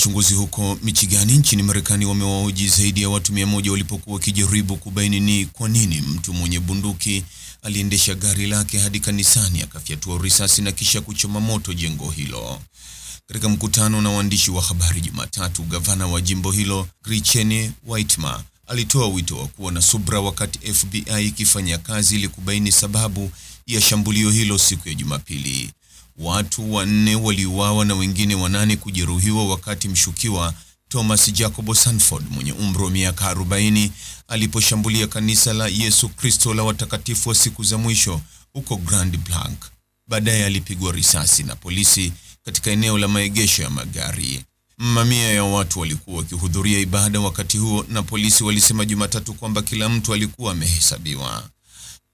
Wachunguzi huko Michigani nchini Marekani wamewahoji zaidi ya watu mia moja walipokuwa wakijaribu kubaini ni kwa nini mtu mwenye bunduki aliendesha gari lake hadi kanisani akafyatua risasi na kisha kuchoma moto jengo hilo. Katika mkutano na waandishi wa habari Jumatatu, gavana wa jimbo hilo Gretchen Whitmer alitoa wito wa kuwa na subra wakati FBI ikifanya kazi ili kubaini sababu ya shambulio hilo siku ya Jumapili. Watu wanne waliuawa na wengine wanane kujeruhiwa wakati mshukiwa Thomas Jacobo Sanford mwenye umri wa miaka 40 aliposhambulia kanisa la Yesu Kristo la Watakatifu wa Siku za Mwisho huko Grand Blanc. Baadaye alipigwa risasi na polisi katika eneo la maegesho ya magari. Mamia ya watu walikuwa wakihudhuria ibada wakati huo, na polisi walisema Jumatatu kwamba kila mtu alikuwa amehesabiwa.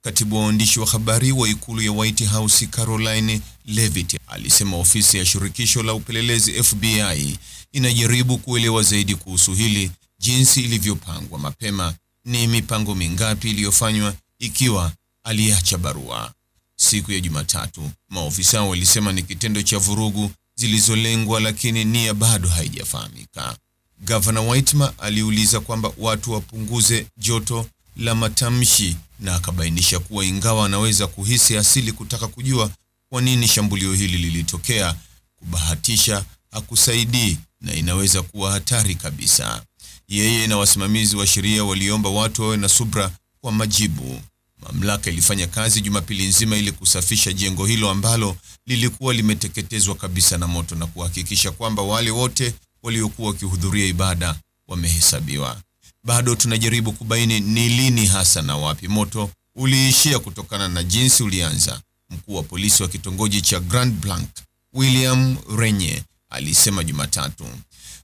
Katibu wa waandishi wa habari wa ikulu ya White House Caroline Levitt alisema ofisi ya shirikisho la upelelezi FBI inajaribu kuelewa zaidi kuhusu hili, jinsi ilivyopangwa mapema, ni mipango mingapi iliyofanywa, ikiwa aliacha barua. Siku ya Jumatatu, maofisa walisema ni kitendo cha vurugu zilizolengwa, lakini nia bado haijafahamika. Gavana Whitmer aliuliza kwamba watu wapunguze joto la matamshi na akabainisha kuwa ingawa anaweza kuhisi asili kutaka kujua kwa nini shambulio hili lilitokea, kubahatisha hakusaidii na inaweza kuwa hatari kabisa. Yeye na wasimamizi wa sheria waliomba watu wawe na subra kwa majibu. Mamlaka ilifanya kazi Jumapili nzima ili kusafisha jengo hilo ambalo lilikuwa limeteketezwa kabisa na moto na kuhakikisha kwamba wale wote waliokuwa wakihudhuria ibada wamehesabiwa bado tunajaribu kubaini ni lini hasa na wapi moto uliishia kutokana na jinsi ulianza. Mkuu wa polisi wa kitongoji cha Grand Blanc, William Renye, alisema Jumatatu.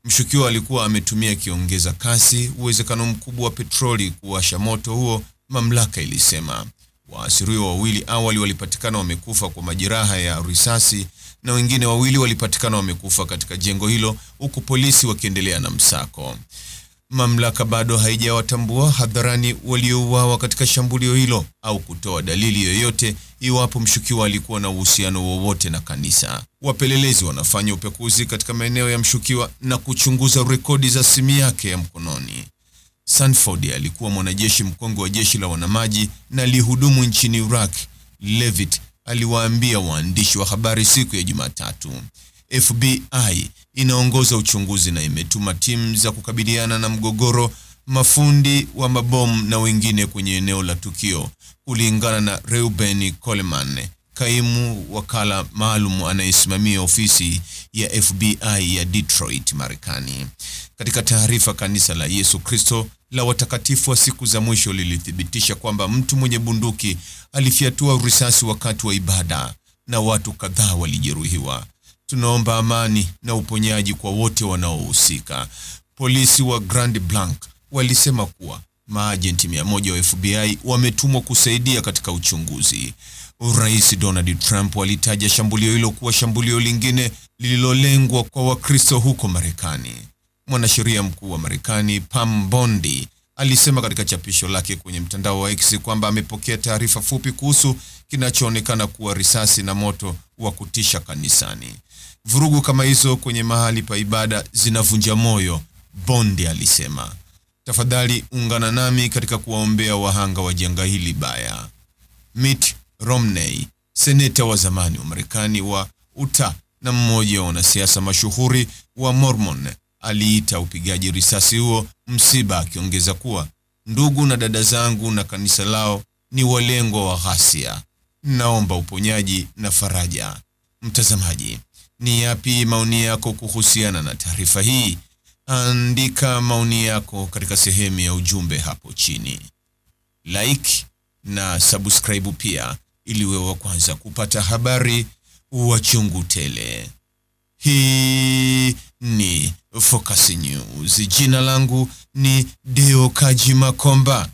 Mshukiwa alikuwa ametumia kiongeza kasi, uwezekano mkubwa wa petroli kuwasha moto huo, mamlaka ilisema. Waasiriwa wawili awali walipatikana wamekufa kwa majeraha ya risasi na wengine wawili walipatikana wamekufa katika jengo hilo, huku polisi wakiendelea na msako. Mamlaka bado haijawatambua hadharani waliouawa katika shambulio hilo au kutoa dalili yoyote iwapo mshukiwa alikuwa na uhusiano wowote na kanisa. Wapelelezi wanafanya upekuzi katika maeneo ya mshukiwa na kuchunguza rekodi za simu yake ya mkononi. Sanford alikuwa mwanajeshi mkongwe wa jeshi la wanamaji na alihudumu nchini Iraq, Levitt aliwaambia waandishi wa habari siku ya Jumatatu. FBI inaongoza uchunguzi na imetuma timu za kukabiliana na mgogoro, mafundi wa mabomu na wengine kwenye eneo la tukio, kulingana na Reuben Coleman, kaimu wakala maalum anayesimamia ofisi ya FBI ya Detroit, Marekani. Katika taarifa, kanisa la Yesu Kristo la watakatifu wa siku za mwisho lilithibitisha kwamba mtu mwenye bunduki alifyatua risasi wakati wa ibada na watu kadhaa walijeruhiwa. Tunaomba amani na uponyaji kwa wote wanaohusika. Polisi wa Grand Blanc walisema kuwa maajenti 100 wa FBI wametumwa kusaidia katika uchunguzi. Rais Donald Trump alitaja shambulio hilo kuwa shambulio lingine lililolengwa kwa Wakristo huko Marekani. Mwanasheria mkuu wa Marekani Pam Bondi alisema katika chapisho lake kwenye mtandao wa X kwamba amepokea taarifa fupi kuhusu kinachoonekana kuwa risasi na moto wa kutisha kanisani. Vurugu kama hizo kwenye mahali pa ibada zinavunja moyo, Bondi alisema. Tafadhali ungana nami katika kuwaombea wahanga wa janga hili baya. Mitt Romney, seneta wa zamani wa Marekani wa Utah na mmoja wa wanasiasa mashuhuri wa Mormon, aliita upigaji risasi huo msiba, akiongeza kuwa ndugu na dada zangu na kanisa lao ni walengwa wa ghasia naomba uponyaji na faraja. Mtazamaji, ni yapi maoni yako kuhusiana na taarifa hii? Andika maoni yako katika sehemu ya ujumbe hapo chini, like na subscribe pia, ili wewe wa kwanza kupata habari wa chungu tele. Hii ni Focus News. Jina langu ni Deo Kaji Makomba.